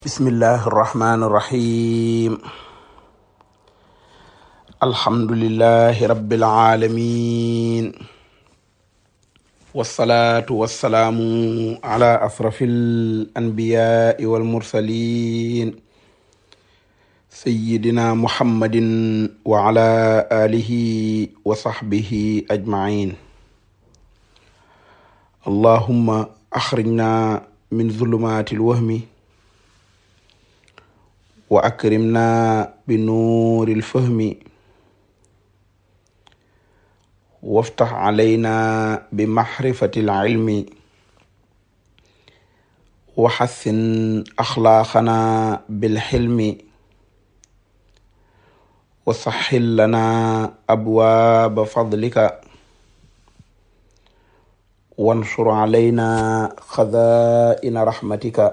bismillahi irrahmani irrahim alhamdulilahi rabiilalamin walsalaatu walsalaamu ala ashrafi alanbiyai walmursalin sayidina muhammadin wa ala alihi wa saxbihi ajmain allahumma axrijna min zulumaati alwahmi wa akrimna bi nuuril fahmi waftax calayna bi maxrifatil cilmi waxassin axlaaqana bilxilmi wa saxxil lana abwaaba fadlika wansur calayna xazaa'ina raxmatika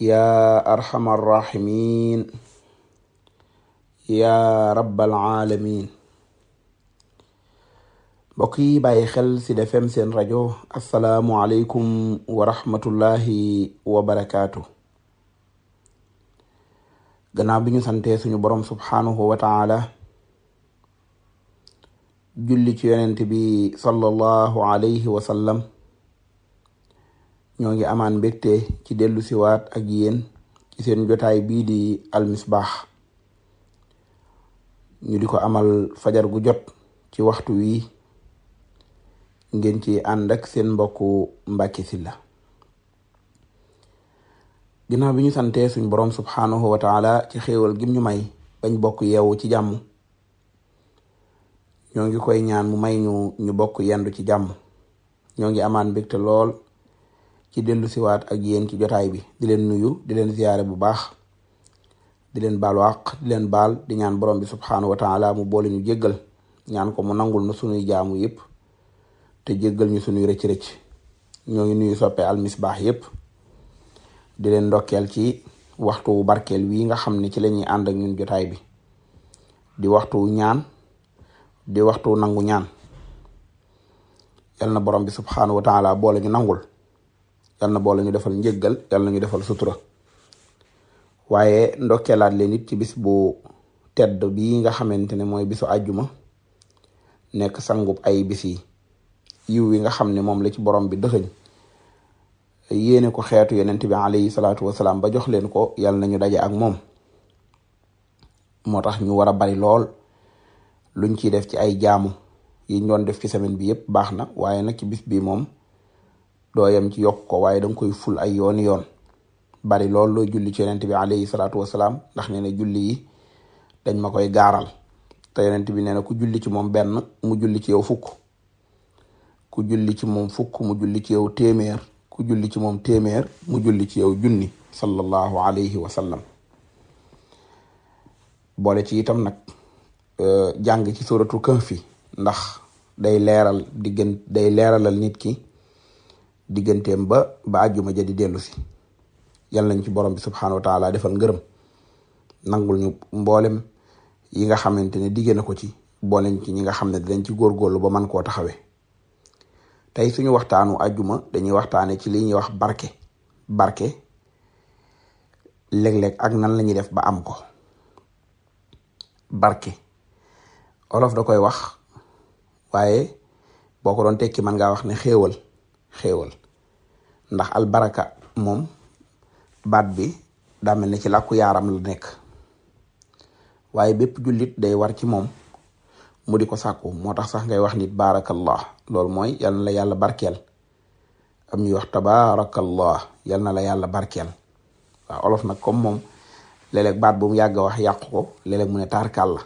yaa arxama arraximin yaa rabbal alamin mbokk yi bàyyi xel ci Sud seen rajo asalaamualeykum wa rahmatullahi wa barakaatu gannaaw bi ñu santee suñu borom subhaanahu wa taala julli ci yonent bi sallallahu alayhi wa ñoo ngi amaan mbégte ci dellu siwaat ak yéen ci seen jotaay bii di almisbaax ñu di ko amal fajar gu jot ci waxtu wii ngeen ci ànd ak seen mbokku Mbàkke Sylla ginnaaw bi ñu santee suñ boroom subhaanahu wa taala ci xéewal gim ñu may bañ bokk yeewu ci jàmm ñoo ngi koy ñaan mu may ñu ñu bokk yendu ci jàmm ñoo ngi amaan mbégte lool ci dellu siwaat ak yéen ci jotaay bi di leen nuyu di leen ziyaare bu baax di leen baal waq di leen baal di ñaan borom bi subhaanahu wa taala mu boole ñu jéggal ñaan ko mu nangul na sunuy jaamu yëpp te jéggal ñu sunuy rëcc ñoo ngi nuyu soppe Al Misbah yëpp di leen ndokkeel ci waxtu wu barkeel wii nga xam ne ci lañuy ànd ak ñun jotaay bi di waxtu ñaan di waxtu nangu ñaan yal borom bi subhaanahu wa taala boole ñu nangul yal na boole ñu defal njëggal yal na ñu defal sutura waaye ndokkeelaat leen it ci bis bu tedd bii nga xamante ne mooy bisu àjjuma nekk sangub ay bisi yiw wi nga xam ne moom la ci borom bi dëxëñ yéene ko xeetu yonent bi alayhi salaatu wasalaam ba jox leen ko yal na ñu daje ak moom moo tax ñu war a bari lool luñ ciy def ci ay jaamu yiñ doon def ci semaine bi yëpp baax na waaye nag ci bis bii moom doo ci yokk ko waaye danga koy ful ay yooni yoon bari lool looy julli ci yonent bi alayhi salaatu wasalaam ndax nee na julli yi dañ ma koy gaaral te yonent bi nee na ku julli ci moom benn mu julli ci yow fukk ku julli ci moom fukk mu julli ci yow téeméer ku julli ci moom téeméer mu julli ci yow junni sallallahu alayhi wa boole ci itam nag euh, jàng ci suratul fi ndax day leeral diggan day leeralal nit ki digganteem ba ba àjjuma ja di dellu si yàlla ci borom bi subxanahu wa taala defal ngërëm nangul mboolem yi nga xamante ne digge na ko ci booleñ ci ñi nga xam ne dinañ ci góorgóorlu ba man koo taxawee tey suñu waxtaanu àjjuma dañuy waxtaanee ci li ñuy wax barke. barke léeg ak nan la ñuy def ba am ko barke olof da koy wax waaye boo ko doon tekki mën ngaa wax ne xéewal xéewal ndax albaraka moom baat bi daa mel ne ci làkku yaaram la nekk waaye bépp jullit day war ci moom mu di ko sàkku moo tax sax ngay wax nit baarakallah loolu mooy yal na la yàlla barkeel am ñuy wax tabaarakallah yal na la yàlla barkeel waaw olof nag comme moom léeg baat bu mu yàgg wax yàqu ko léeg mu ne taarkal la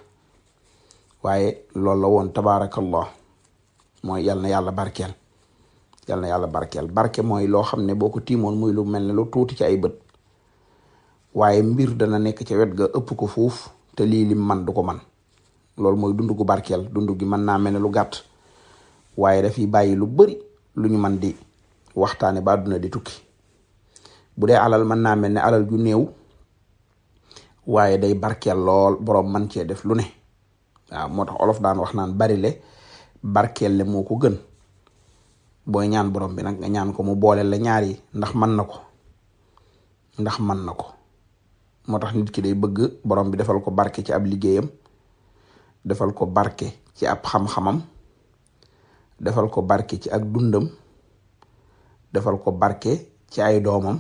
waaye loolu la woon tabaarakallah mooy yal na yàlla barkeel yal na yàlla barkeel barke mooy loo xam ne boo ko timoon muy lu mel ne lu tuuti ci ay bët waaye mbir dana nekk ca wet ga ëpp ko fuuf te lii lim man du ko man loolu mooy dund gu barkeel dund gi mën naa mel ne lu gàtt waaye dafiy bàyyi lu bari lu ñu man di waxtaane ba duna di tukki bu dee alal mën naa mel ne alal ju néew waaye day barkeel lool boroom man cee def lu ne waaw moo tax olof daan wax naan bari le barkeel le moo ko gën booy ñaan borom bi nag nga ñaan ko mu booleel la ñaar ndax man na ko ndax man na ko moo tax nit ki day bëgg borom bi defal ko barke ci ab liggéeyam defal ko barke ci ab xam-xamam defal ko barke ci ak dundam defal ko barke ci ay doomam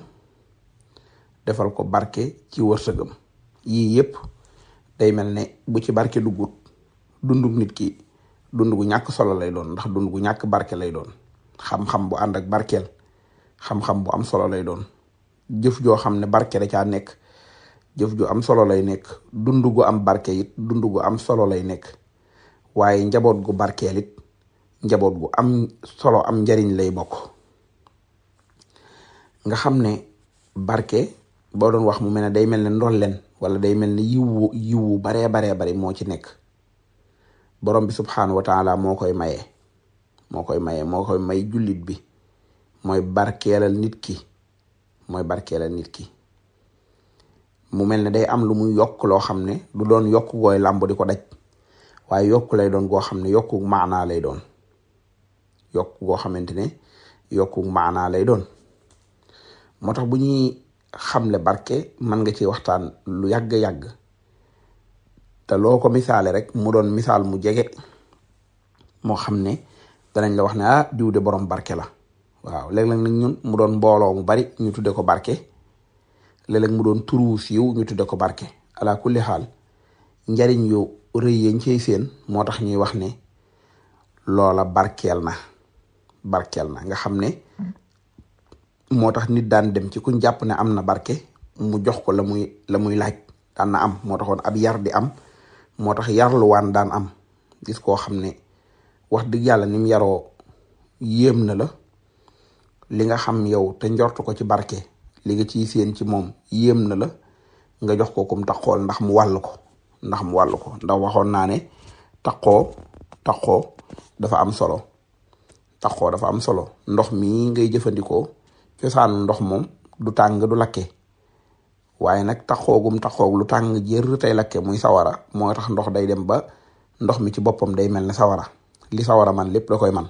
defal ko barke ci wërsëgam yii yépp day mel ne bu ci barke duggut dundu nit ki dund gu ñàkk solo lay doon ndax dund gu ñàkk barke lay doon xam-xam bu ànd ak barkeel xam-xam bu am solo lay doon jëf joo xam ne barke da caa nekk jëf ju am solo lay nekk dund gu am barke it dund gu am solo lay nekk waaye njaboot gu barkeel it njaboot gu am solo am njariñ lay bokk nga xam ne barke boo doon wax mu mel ne day mel ne ndolleen wala day mel ne yiwu yiwu baree baree bari moo ci nekk borom bi subxanahu wa taala moo koy maye. moo koy maye moo koy may julit bi mooy barkeelal nit ki mooy barkeelal nit ki mu mel ne day am lu muy yokk loo xam ne du doon yokk gooy làmb ko daj waaye yokk doon goo xam ne yokku maanaa lay doon yokk goo xamante ne yokku maanaa lay doon moo tax bu ñuy xamle barke mën nga ci waxtaan lu yàgg-yàgg te loo ko misaale rek mu doon misaal mu jege moo xam ne danañ la wax ne ah diw de borom barke la waaw léeg-léeg nag mu doon mbooloo mu bari ñu tudde ko barke léeg-léeg mu doon turu siiw ñu tudde ko barke ala kulli xaal njariñ yu rëy yañ cey seen moo tax ñuy wax ne loola barkeel na barkeel na nga xam ne moo tax nit daan dem ci kuñ jàpp ne am na barke mu jox ko la muy la muy laaj daan na am moo taxoon ab yar di am moo tax yarluwaan daan am gis koo xam ne wax dëgg yàlla ni mu yaroo yéem na la li nga xam yow te njort ko ci barke li nga ci séen ci moom yéem na la nga jox ko kum taxool ndax mu wàll ko ndax mu wàll ko ndax waxoon naa ne taxoo taxoo dafa am solo taxoo dafa am solo ndox mi ngay jëfandikoo cosaan ndox moom du tàng du lakke waaye nag taxoogum taxoog lu tàng jër tey lakke muy sawara moo tax ndox day dem ba ndox mi ci boppam day mel ne sawara li sawara man lépp da koy man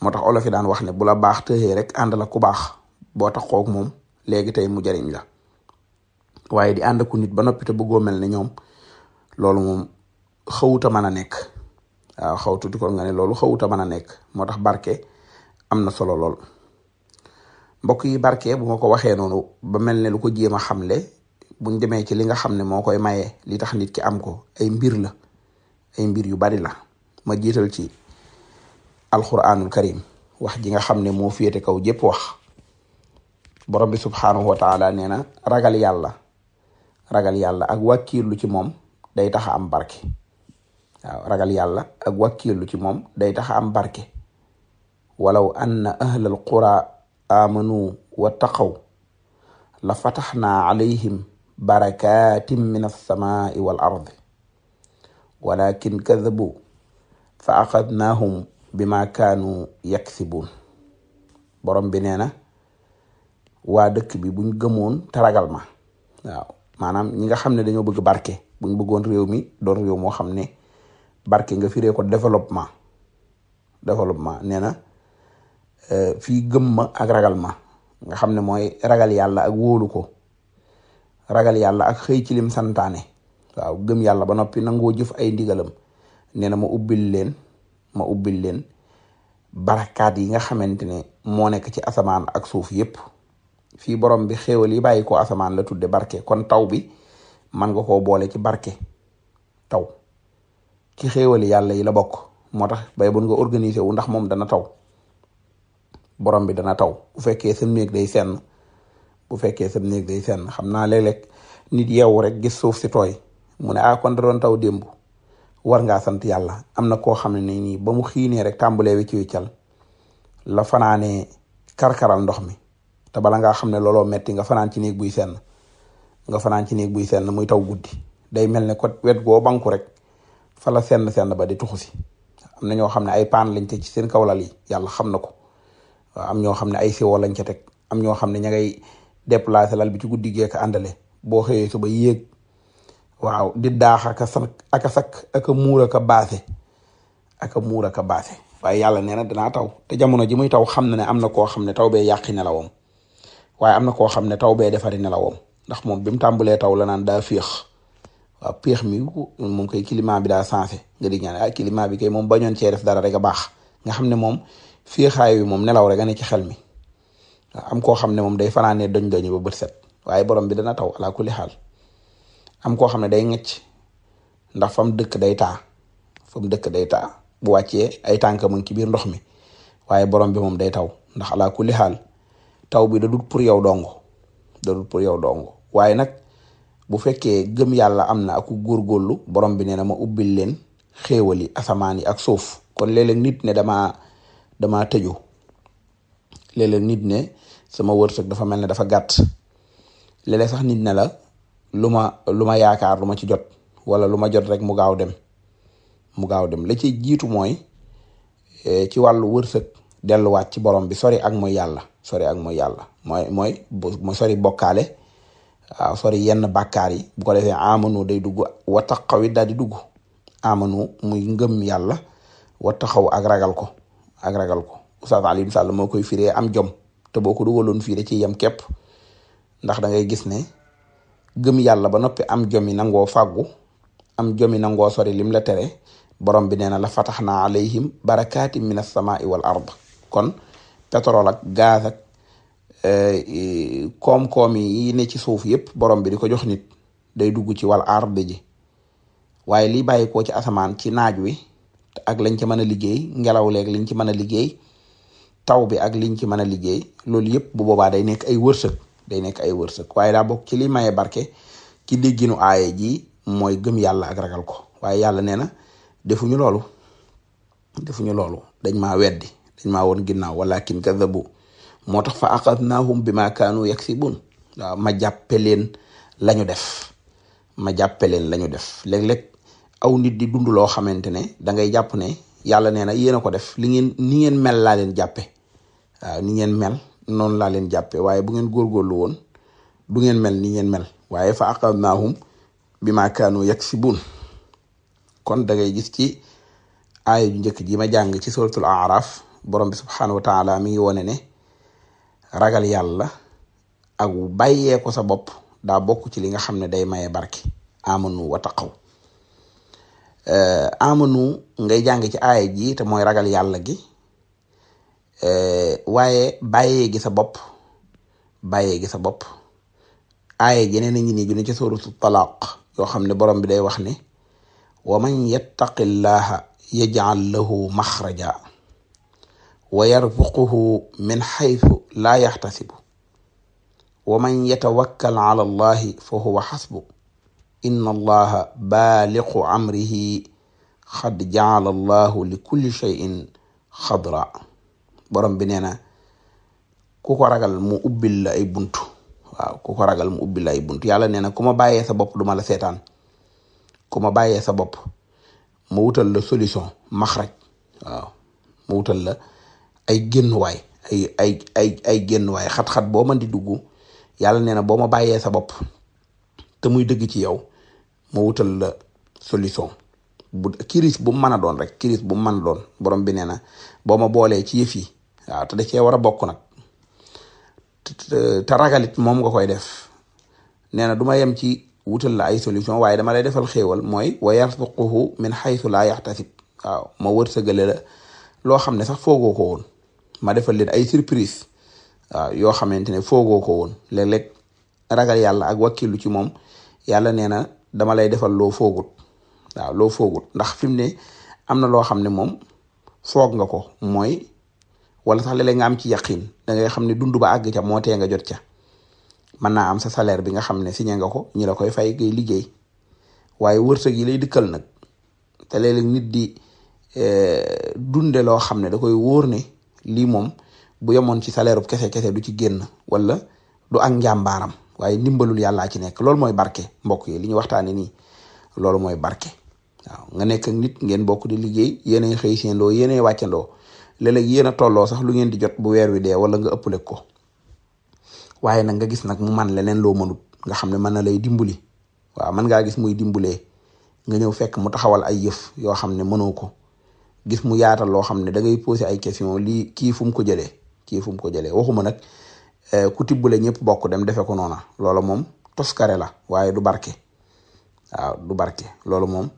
moo tax olof yi daan wax ne bu la baax tëxee rek ànd la ku baax boo tax xook moom léegi tey mu jariñ la waaye di ànd ku nit ba noppite te bëggoo mel ne ñoom loolu moom xawuta mën a nekk xaw xawtu di ko nga ne loolu xawuta mën a nekk moo tax barke am na solo lool mbokk yi barke bu ma ko waxee noonu ba mel ne lu ko jéem a le buñ demee ci li nga xam ne moo koy maye li tax nit ki am ko ay mbir la ay mbir yu bari la ma jiital ci alquranul wax ji nga xam ne moo féete kaw jépp wax borom bi subhaanahu wa nee na ragal yàlla ragal yàlla ak wàkkiirlu ci moom day taxa am barke waaw ragal yàlla ak ci moom day taxa am barke walaw anna ahlal qura amanu wa taqaw la fataxnaa alayhim barakatin min alsamai wal walakin kadabu fa aqadnaahum bima kaanu yaksibuun borom bi nee na waa dëkk bi buñ gëmoon te ragal ma waaw maanaam ñi nga xam ne dañoo bëgg barke buñ bëggoon réew mi doon réew moo xam ne barke nga firee ko développement développement nee na euh, fii gëm ma ak ragal ma nga xam ne mooy ragal yàlla ak wóolu ko ragal yàlla ak xëy ci lim santaane waaw gëm yàlla ba noppi nangoo jëf ay ndigalam nee na ma ubbil leen ma ubbil leen barakaat yi nga xamante ne moo nekk ci asamaan ak suuf yépp fii borom bi xéewal yi bàyyi ko asamaan la tudde barke kon taw bi man nga koo boole ci barke taw ki xéewali yàlla yi la bokk moo tax bay bun nga organiser wu ndax moom dana taw borom bi dana taw bu fekkee sam néeg day senn bu fekkee sam néeg day senn xam naa léeg-léeg nit yeewu rek gis suuf si tooy mu ne ah kon da taw démb war ngaa sant yàlla am na koo xam ne nii ba mu xiinee rek tàmbalee wicci wiccal la fanaanee karkaral ndox mi te bala ngaa xam ne looloo metti nga fanaan ci néeg buy senn nga fanaan ci néeg buy senn muy taw guddi day mel ne ko wet goo banku rek fa la seen senn ba di tuxu si am na ñoo xam ne ay paan lañ teg ci seen kawlal yàlla xam na ko waaw ñoo xam ne ay siwo lañ ca teg am ñoo xam ne ña ngay déplacé lal bi ci guddi geek àndale boo xëyee suba yéeg waaw di daax ak a sakk ak a muur ak a baase ak a ak a baase waaye yàlla nee na dinaa taw te jamono ji muy taw xam na ne am na koo xam ne taw bee yàqi nelawam waaye am na koo xam ne taw bee defari nelawam ndax moom bi mu tàmbalee taw la naan daa féex waaw péex mi moom kay climat bi daa sensé nga di ñaan ah climat bi kay moom bañoon cee def dara rek a baax nga xam ne moom féexaay wi moom nelaw rek a ne ci xel mi am koo xam ne moom day fanaanee doñ doñ ba bët set waaye borom bi dana taw ala xaal am koo xam ne day ŋëcc ndax fam dëkk day taa fam dëkk day taa bu wàccee ay tànk mu ngi ci biir ndox mi waaye borom bi moom day taw ndax ala kulli taw bi da dut pour yow dong da dut pour yow dong waaye nag bu fekkee gëm yàlla am na aku góorgóorlu borom bi nee na ma ubbil leen xéewal yi asamaan yi ak suuf kon léeg nit ne damaa damaa tëju léeg nit ne sama wërsëg dafa mel ne dafa gàtt léeg sax nit nela lu ma lu ma yaakaar lu ma ci jot wala lu ma jot rek mu gaaw dem mu gaaw dem la ci jiitu mooy e, ci wàllu wërsëg delluwaat ci borom bi sori ak mooy yàlla sori ak mooy yàlla mooy mooy mu sori bokkaale waaw sori yenn bàkkaar yi bu ko defee amanu day dugg wa taqaw it daal di dugg amanu muy ngëm yàlla wa taxaw ak ragal ko ak ragal ko Oustaz Alioune Sall moo koy firee am jom te boo ko dugaloon fii da ci yem képp ndax da ngay gis ne gëm yàlla ba noppi am jomi nangoo fàggu am jomi nangoo sori lim la tere borom bi nee na la fatax naa alayhim barakaati min asamaai wal ard kon pétrole ak gaz ak eh, koom-koom yi ne ci suuf yëpp borom bi di ko jox nit day dugg ci wal ard ji waaye lii bàyyi koo ci asamaan ci naaj wi ak lañ ci mën a liggéey ngelaw leeg liñ ci mën a liggéey taw bi ak liñ ci mën a liggéey loolu yëpp bu boobaa day nekk ay wërsëg day nekk ay wërsëg waaye daa bokk ci li maye barke ci dégginu ji mooy gëm yàlla ak ragal ko waaye yàlla nee na defuñu loolu defuñu loolu dañ maa weddi dañ maa woon ginnaaw walakin kadabu moo tax fa axadnaahum bi ma kaanu yaksibun waaw ma jàppe leen la ñu def ma jàppe leen la ñu def léeg aw nit di dund loo xamante ne da ngay jàpp ne yàlla nee na yéen a ko def li ngeen ni ngeen mel laa leen jàppe ni ngeen mel noonu laa leen jàppee waaye bu ngeen góorgóorlu woon du ngeen mel ni ngeen mel waaye fa aqabnaahum bimaa kaanu yaksibuun kon da ngay gis ci aaya ju njëkk ji ma jàng ci suratul araf borom bi subxanahu mi ngi wone ne ragal yàlla ak bàyyee ko sa bopp daa bokk ci li nga xam ne day maye barki amanu wa taqaw amanu ngay jàng ci aaya ji te mooy ragal yàlla gi Eh, waaye bàyyee gi sa bopp bàyyee gi sa bopp aaye jeneen a ngi nii ju ne ci suuratu talaaq yoo xam ne borom bi day wax ne wa man yattaqillaha yaj'al lahu maxraja wa yarzuquhu min xaytu laa yaxtasibu wa man yatawakkal ala allahi fa huwa xasbu inna allaha baaliqu amrihi xad ja'ala allahu li kulli shay'in xadra borom bi nee na ku ko ragal mu ubbil la ay bunt waaw ku ko ragal mu ubbil la ay buntu yàlla nee na ku ma bàyyee sa bopp duma la seetaan ku ma bàyyee sa bopp mu wutal la solution maxraj waaw mu wutal la ay génnuwaay ay ay ay génnuwaay xat-xat boo mën di dugg yàlla nee na boo ma bàyyee sa bopp te muy dëgg ci yow mu wutal la solution bu kiris bu mu mën a doon rek kiris bu mu mën doon borom bi nee na boo ma boolee ci yëf waaw te da cee war a bokk nag te ragalit moom nga koy def nee na du yem ci wutal la ay solution waaye dama lay defal xéewal mooy wa yarzuquhu min xaytu laa yaxtasib waaw ma wërsëgale la loo xam ne sax foogoo ko woon ma defal leen ay surprise waaw yoo xamante ne foogoo ko woon léeg-léeg ragal yàlla ak wakkilu ci moom yàlla nee na dama lay defal loo foogut waaw loo ndax fi mu ne am na loo xam ne moom foog nga ko mooy wala sax léeg nga am ci yaqin da ngay xam ne dund ba àgg ca moo tee nga jot ca mën naa am sa salaire bi nga xam ne signé nga ko ñi la koy fay ngay liggéey waaye wërsëg yi lay dikkal nag te léeg nit di eh, dunde loo xam ne da koy wóor ne lii moom bu yemoon ci salaire bu kese kese du ci génn wala du ak njàmbaaram waaye ndimbalul yàllaa ci nekk loolu mooy barke mbokk yi li ñu waxtaanee nii loolu mooy barke waaw nga nekk nit ngeen bokk di liggéey yéenay xëy seen yeneen yéenay wàccandoo léeg-léeg yéen a tolloo sax lu ngeen di jot bu weer wi dee wala nga ëppale ko waaye nag nga gis nag mu man leneen loo mënut nga xam ne mën na lay dimbali waaw mën ngaa gis muy dimbulee nga ñëw fekk mu taxawal ay yëf yoo xam ne mënoo ko gis mu yaatal loo xam ne da ngay posé ay question lii kii fu mu ko jëlee kii fu mu ko jëlee waxuma nag eh, ku tibbule ñëpp bokk dem defe ko noona loola moom toskare la waaye du barke waaw du barke loolu moom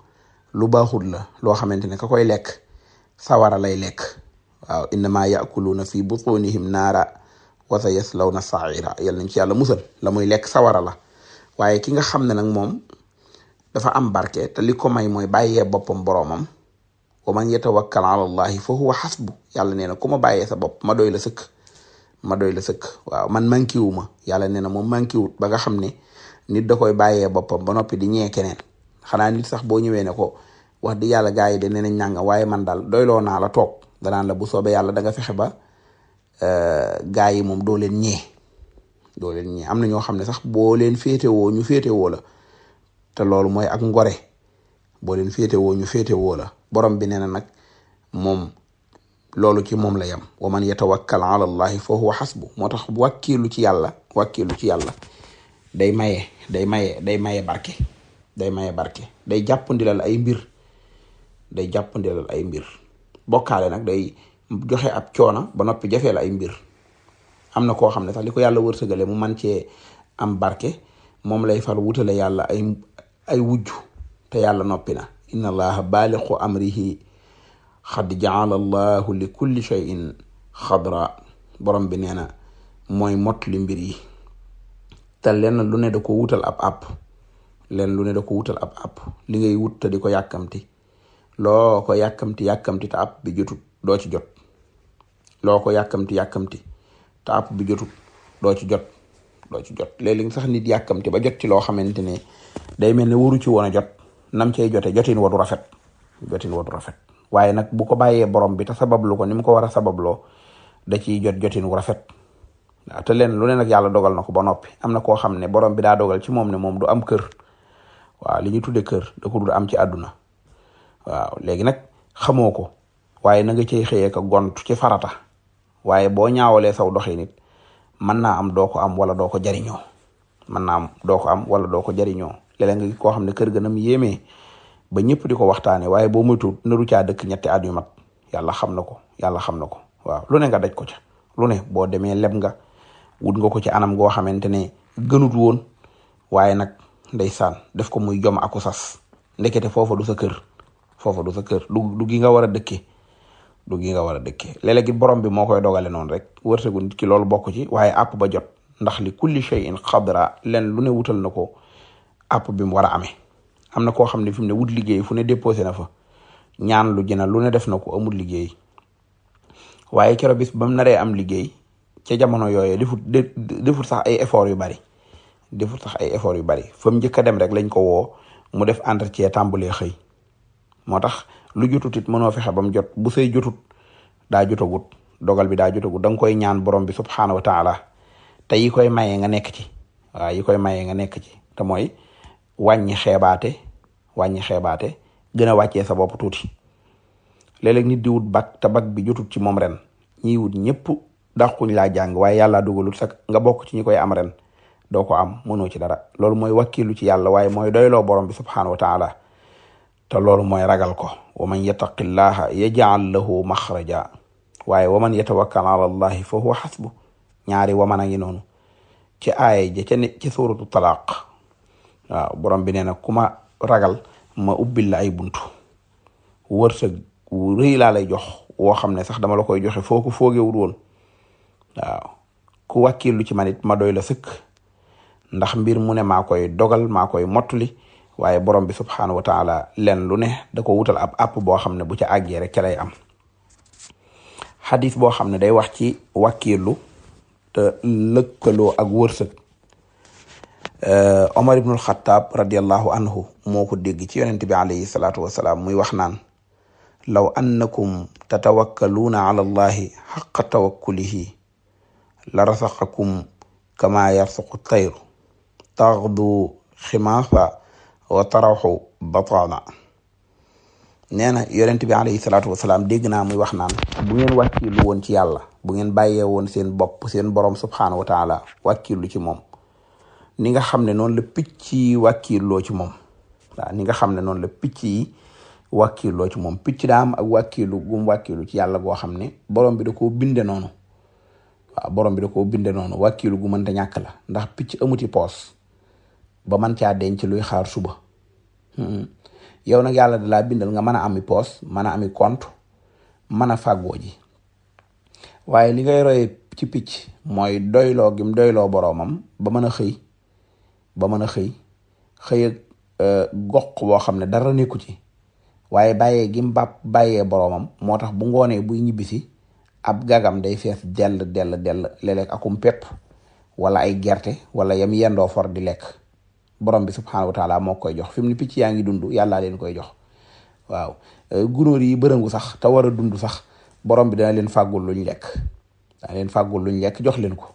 lu baaxul la loo xamante ne ka koy lekk sawara lay lekk waaw innama yakuluuna fi butunihim naara wa sa yaslawna saira yal nañ ci yàlla musal la muy lekk sawara la waaye ki nga xam ne nag moom dafa am barke ta li ko may mooy bàyyee boppam boroomam wa man yatawakkal ala allahi fa huwa xasbu yàlla nee na ku ma bàyyee sa bopp ma doy la sëkk ma doy la sëkk waaw man manqué wu ma yàlla nee na moom manqué wut ba nga xam ne nit da koy bàyyee boppam ba noppi di ñee keneen xanaa nit sax boo ñëwee ne ko wax di yàlla gars yi de nee nañ ñànga waaye man daal doyloo naa la toog danaan la bu soobee yàlla da nga fexe ba euh, gaa yi moom dooleen leen ñee doo ñee am na ñoo xam ne sax boo leen féetewoo ñu féetewoo la te loolu mooy ak ngore boo leen féetewoo ñu féetewoo la borom bi nee na nag moom loolu ci moom la yam wa man yatawakkal ala allahi fa xasbu moo tax wàkkiilu ci yàlla wàkkiilu ci yàlla day maye day maye day maye barke day maye barke day jàppandilal ay mbir day jàppandilal ay mbir bokkaale nag day joxe ab coona ba noppi jafee la ay mbir am na koo xam ne sax li ko yàlla wërsëgale mu man cee am barke moom lay far wutale yàlla ay ay wujj te yàlla noppi na inna allaha baaliqu amrihi xad jaala allahu li kulli cheyin xadra borom bi nee na mooy mot li mbir yi te lenn lu ne da ko wutal ab app lenn lu ne da ko wutal ab ap li ngay wut te di ko yàkkamti loo ko yàkkamti yàkkamti ta app bi jotut doo ci jot loo ko yàkkamti yàkkamti te app bi jotut doo ci jot doo ci jot léeg-léeg sax nit yàkkamti ba jot ci loo xamante ne day mel ne waru ci woon a jot nam cay jote jotin wadu rafet jotin wadu rafet waaye nag bu ko bàyyee borom bi te sabablu ko ni mu ko war a sababloo da ciy jot jotin wu rafet waaw te leen lu ne nag yàlla dogal na ko ba noppi am na koo xam ne borom bi daa dogal ci moom ne moom du am kër waaw li ñu tudde kër da am ci àdduna waaw léegi nag xamoo ko waaye na nga cay xëyee ka gont ci farata waaye boo ñaawalee saw doxee nit mën naa am doo ko am wala doo ko jariñoo mën naa am doo ko am wala doo ko jariñoo léeg nga koo xam ne kër ga na mu yéemee ba ñëpp di ko waxtaanee waaye boo moytuwul naru caa dëkk ñetti at yu mat yàlla xam na ko yàlla xam na ko waaw lu nga daj ko ca lu ne boo demee leb nga wut nga ko ci anam goo xamante ne gënut woon waaye nag ndeysaan def ko muy jom aku sas ndekete foofa du sa kër foofu du sa kër du du gi nga war a dëkkee du gi nga war a dëkkee léeg borom bi moo koy dogale noonu rek wërsëgu nit ki loolu bokk ci waaye àpp ba jot ndax li kulli shay'in xadra len lu ne wutal na ko àpp bi mu war a amee am na koo xam ne fi mu ne wut liggéey fu ne déposé na fa ñaan lu jëna lu ne def na ko amul liggéey waaye kero bis ba mu naree am liggéey ca jamono yooyu defut defut sax ay effort yu bari defut sax ay effort yu bari fa mu njëkk a dem rek lañ ko woo mu def entretien tàmbalee xëy moo tax lu jotut it mënoo fexe ba mu jot bu sëy jotut daa jotagut dogal bi daa jotagut da nga koy ñaan borom bi subhaanahu wa taala te yi koy maye nga nekk ci waaw yi koy maye nga nekk ci te mooy wàññi xeebaate wàññi xeebaate gën a wàccee sa bopp tuuti léeg ni nit di wut bak te bag bi jotut ci moom ren ñiy wut ñëpp dàquñ laa jàng waaye yàlla dugalut sak nga bokk ci ñi koy am ren doo ko am mënoo ci dara loolu mooy wakkilu ci yàlla waaye mooy doyloo borom bi subhaanahu wa taala te loolu mooy ragal ko wa man yattaqillaha yaj'al lahu maxraja waaye wa man yatawakkal ala allahi fa huwa xasbu ñaari waman a ngi noonu ci aaya ja ci suuratu talaaq waaw borom bi nee na ku ma ragal ma ubbil ay buntu wërsëg wu jox woo xam ne sax dama la koy joxe foo ko foogewul woon ku wàkkilu ci man ma doy la ndax mbir mu ne maa koy dogal maa koy waaye borom bi subxanahu wa taala len lu ne da wutal ab app boo xam ne bu ca àggee rek ca lay am xadis boo xam ne day wax ci wàkkiilu te lëkkaloo ak wërsëg Omar ibnul Xattaab radiallahu anhu moo ko dégg ci yonent bi alayhi salaatu wasalaam muy wax naan law annakum tatawakkaluuna ala allahi xaqa tawakkulihi la rasaqakum kama yarsuqu tayru taxdu ximaafa wa taraxu batana nee na yonent bi alayhi salaam wasalaam dégg naa muy wax naan bu ngeen wàkkilu woon ci yàlla bu ngeen bàyyee woon seen bopp seen borom subhaanahu wa taala wàkkilu ci moom ni nga xam ne noonu la picc yi wàkkiloo ci moom waaw ni nga xam ne noonu la picc yi wàkkiloo ci moom picc daa ak wàkkilu gum wàkkilu ci yàlla goo xam ne borom bi da koo binde noonu waaw borom bi da koo binde noonu wàkkilu gu mënta ñàkk la ndax picc amuti poos ba man caa denc luy xaar suba hmm. yow nag yàlla dalaa bindal nga mën a ami poos mën a ami kont mën a fàggoo ji waaye li ngay roye ci picc mooy doyloo gim doyloo boroomam ba mën a xëy ba mën a xëy xëy ak euh, gox boo xam ne dara nekku ci waaye bàyyee gim bàpp bàyyee boroomam moo tax bu ngoonee buy ñibbisi ab gagam day fees dell dell dell léeg-léeg akum pepp wala ay gerte wala yam yendoo for di lekk borom bi subhaanahu wa taala moo koy jox fi mu ne picc yaa ngi dund yàllaa leen koy jox waaw eh, gunóor yi bërëngu sax te war a dund sax borom bi dana leen fàggul luñ lekk dana leen fàggul luñ jox leen ko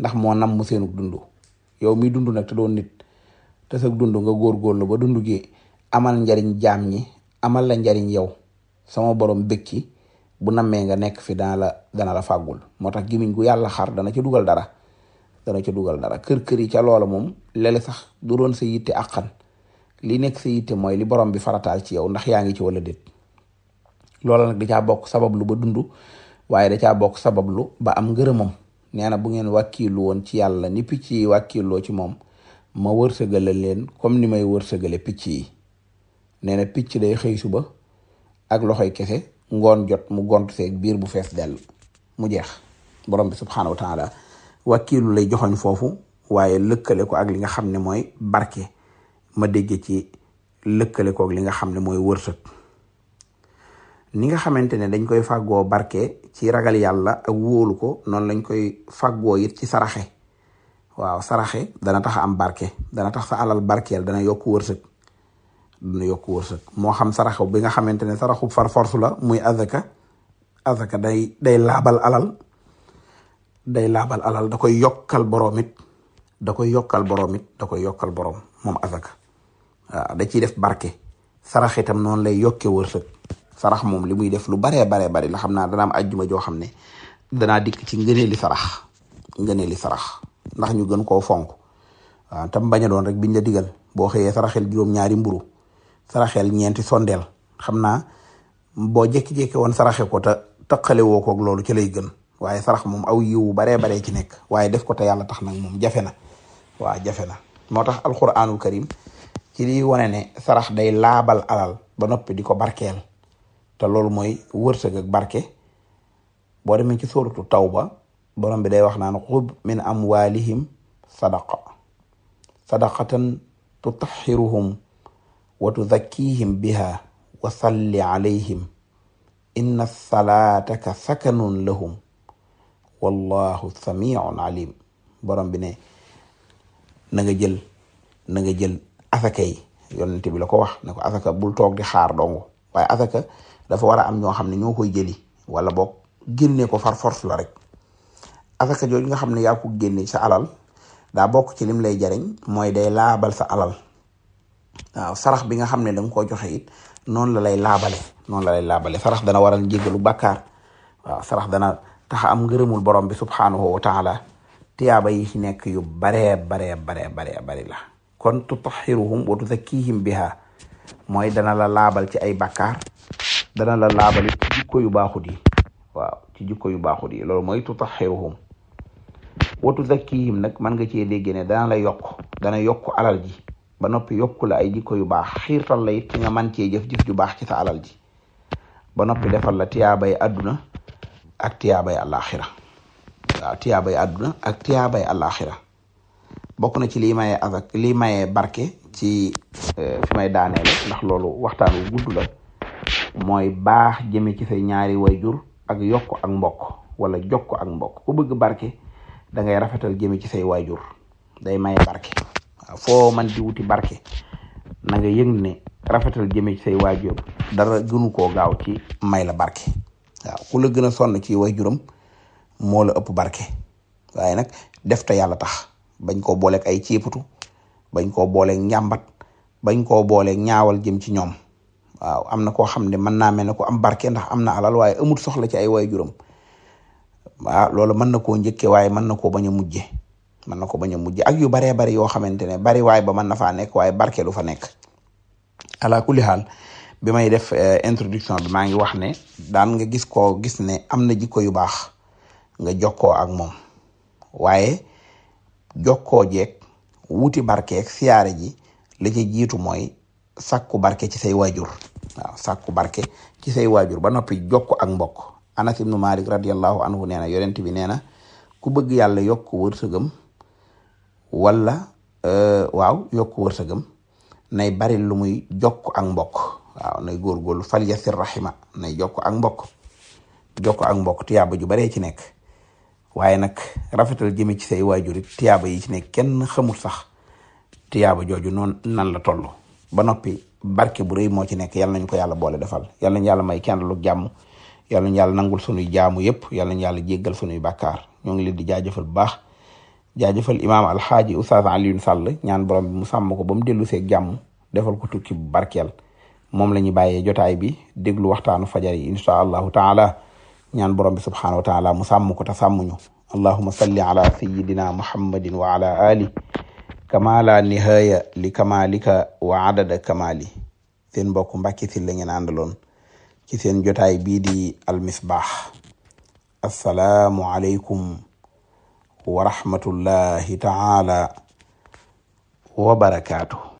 ndax moo nam mu seenu dund yow mi dundu nag te doon nit te sa dund nga góorgóorlu ba dundu gi amal njariñ jaam ñi amal la njariñ yow sama borom bëkki bu nammee nga nekk fi dana la dana la fàggul moo tax gimiñ gu yàlla xar dana ci dugal dara dana ca dugal dara kër kër yi ca loola moom lele sax du doon sa yitte àqan li nekk sa yitte mooy li borom bi farataal ci yow ndax yaa ngi ci wala déet loola nag da caa bokk sabab lu ba dundu waaye da caa bokk sabab lu ba am ngërëmam nee na bu ngeen wàkkiilu woon ci yàlla ni picc yi wàkkiiloo ci moom ma wërsëgale leen comme ni may wërsëgale picc yi nee na picc day xëy suba ak loxoy kese ngoon jot mu gont seeg biir bu fees dell mu jeex borom bi subhanahu wa wakiilu lay joxoñ foofu waaye lëkkale ko ak li nga xam ne mooy barke ma dégge ci lëkkale ko ak li nga xam ne mooy wërsëg ni nga xamante ne dañ koy fàggoo barke ci ragal yàlla ak wóolu ko noonu lañ koy fàggoo it ci saraxe waaw saraxe dana tax am barke dana tax sa alal barkeel dana yokk wërsëg dana yokk wërsëg moo xam saraxe bi nga xamante ne saraxu far force la muy azaka azaka day day laabal alal day laabal alal da koy yokkal boroom da koy yokkal boroom da koy yokkal boroom moom azaka waaw da ciy def barke sarax itam noonu lay yokke wërsëg sarax moom li muy def lu baree baree bari la xam naa dana am ajjuma joo xam ne danaa dikk ci ngëneeli sarax ngëneeli sarax ndax ñu gën koo fonk waaw tam bañ a doon rek biñ la digal boo xëyee saraxel juróom-ñaari mburu saraxel ñeenti sondeel xam naa boo jékki-jékki woon saraxe ko te taqale woo koog loolu ci lay gën waaye sarax moom aw yiwu baree baree ci nekk waaye def ko te yàlla tax nag moom jafe na waaw jafe na moo tax alquranul karim ci liy wane ne sarax day laabal alal ba noppi di ko barkeel te loolu mooy wërsëg ak barke boo demee ci suuratu tawba borom bi day wax naan xub min amwalihim sadaqa sadaqatan tutahhiruhum wa tuzakkihim biha wa salli alayhim inna salaataka sakanun lahum wallahu samiun alim borom bi ne na nga jël na nga jël asaka yi yonent bi la ko wax ne ko asaka bul toog di xaar dong waaye asaka dafa war a am ñoo xam ne ñoo koy jëli wala bokk génne ko far force la rek asaka jooju nga xam ne yaa génne sa alal daa bokk ci lim lay jariñ mooy day laabal sa alal waaw sarax bi nga xam ne danga koo joxe it noonu la lay laabale noonu la lay laabale sarax dana waral njéggalu bàkkaar waaw sarax dana tax am ngërëmul borom bi subhanahu wa taala tiyaaba yi ci nekk yu bare bare baree baree bari la kon tutahhiruhum wa tuzakkihim biha mooy dana la laabal ci ay bakkaar dana la laabal ci jikko yu baaxut yi waaw ci jikko yu baaxut yi loolu mooy tutahhiruhum wa tuzakkihim nag man nga cee dégg ne dana la yokk dana yokku alal ji ba noppi yokku la ay jikko yu baax xiirtal la it nga man cee jëf jëf ju baax ci sa alal ji ba noppi defal la tiyaabay àdduna ak tiyaabay àllaaxira waaw tiyaabay àdduna ak tiyaabay àllaaxira bokk na ci li maye azak lii barke ci eh, may daaneel ndax loolu waxtaan wu gudd la mooy baax jëme ci say ñaari wayjur ak yokk ak mbokk wala jokk ak mbokk ku bëgg barke dangay ngay rafetal jëme ci say waajur day maye barke foo man di wuti barke na nga yëg ne rafetal jëme ci say waajur dara gënu ko gaaw ci may la barke waaw ku la gën a sonn ci way juram moo la ëpp barke waaye nag def te yàlla tax bañ koo booleeg ay ciputu bañ koo boole njàmbat bañ koo booleeg ñaawal jëm ci ñoom waaw am na koo xam ne mën naa mel ne ko am barke ndax am na alal waaye amul soxla ci ay way juram waaw loolu mën na koo njëkke waaye mën na ko bañ a mujje mën na ko bañ a mujje ak yu baree bari yoo xamante ne bari waaye ba mën na faa nekk waaye barke du fa nekk ala kulli xaal bi may def euh, introduction bi maa ngi wax ne daan nga gis koo gis ne am na jikko yu baax nga jokkoo ak moom waaye jokkoo jeeg wuti barkeeg siyaare ji la ca jiitu mooy sàkku barke ci say waajur waaw sàkku ci say waajur ba noppi jokk ak mbokk Anas ibnu Malik radiyallahu anhu nee na yonent bi nee na ku bëgg yàlla yokk wërsëgam wala euh, waaw yokk wërsëgam nay bari lu muy jokk ak mbokk waaw nay góorgóorlu fal yasir rahima nay jokko ak mbokk jokk ak mbokk tiyaaba ju baree ci nekk waaye nag rafetal jëme ci say waajur it tiyaaba yi ci nekk kenn xamul sax tiyaaba jooju noon nan la toll ba noppi barke bu rëy moo ci nekk yal nañ ko yàlla boole defal yal nañ may kenn lu jàmm yal yàlla nangul sunuy jaamu yëpp yal nañ yàlla jéggal sunuy bàkkaar ñoo ngi leen di jaajëfal bu baax jaajëfal imaam alxaaji Oustaz Alioune Sall ñaan borom bi mu sàmm ko ba mu dellu seeg jàmm defal ko tukki bu barkeel moom la ñu bàyyee jotaay bi déglu waxtaanu fajar yi insha allahu taala ñaan borom bi subhanahu wa mu sàmm ko te sàmmuñu allahuma salli ala sayidina muhammadin wa ala ali kama la nihaya li kamalika wa adada kamali seen mbokk Mbàkke Sylla ngeen àndaloon ci seen jotaay bii di almisbaax assalaamu aleykum wa taala wa